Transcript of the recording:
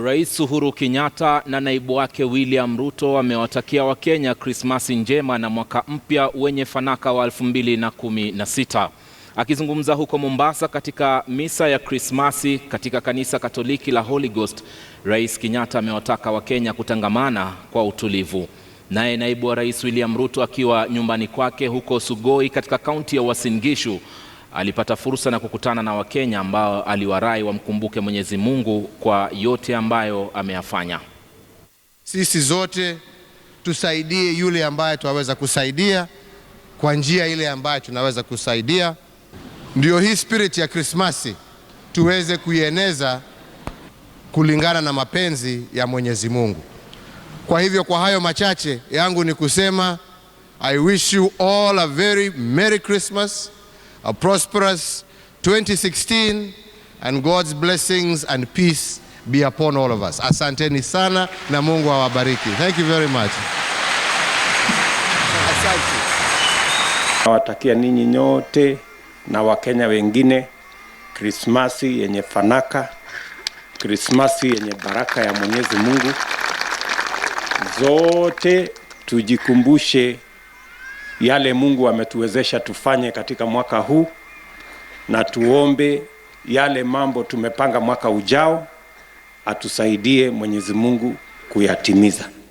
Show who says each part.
Speaker 1: Rais Uhuru Kenyatta na naibu wake William Ruto amewatakia Wakenya Krismasi njema na mwaka mpya wenye fanaka wa 2016. Akizungumza huko Mombasa katika misa ya Krismasi katika kanisa Katoliki la Holy Ghost, Rais Kenyatta amewataka Wakenya kutangamana kwa utulivu. Naye naibu wa Rais William Ruto akiwa nyumbani kwake huko Sugoi katika kaunti ya Uasin Gishu alipata fursa na kukutana na Wakenya ambao aliwarai wamkumbuke Mwenyezi Mungu kwa yote ambayo ameyafanya.
Speaker 2: Sisi zote tusaidie yule ambaye tunaweza kusaidia kwa njia ile ambayo tunaweza kusaidia. Ndiyo hii spirit ya Krismasi tuweze kuieneza kulingana na mapenzi ya Mwenyezi Mungu. Kwa hivyo, kwa hayo machache yangu ni kusema I wish you all a very merry Christmas a prosperous 2016 and God's blessings and peace be upon all of us. Asanteni sana na Mungu awabariki. Thank you very much.
Speaker 3: Asante. Nawatakia ninyi nyote na Wakenya wengine Krismasi yenye fanaka, Krismasi yenye baraka ya Mwenyezi Mungu. Zote tujikumbushe yale Mungu ametuwezesha tufanye katika mwaka huu, na tuombe yale mambo tumepanga mwaka ujao, atusaidie Mwenyezi Mungu kuyatimiza.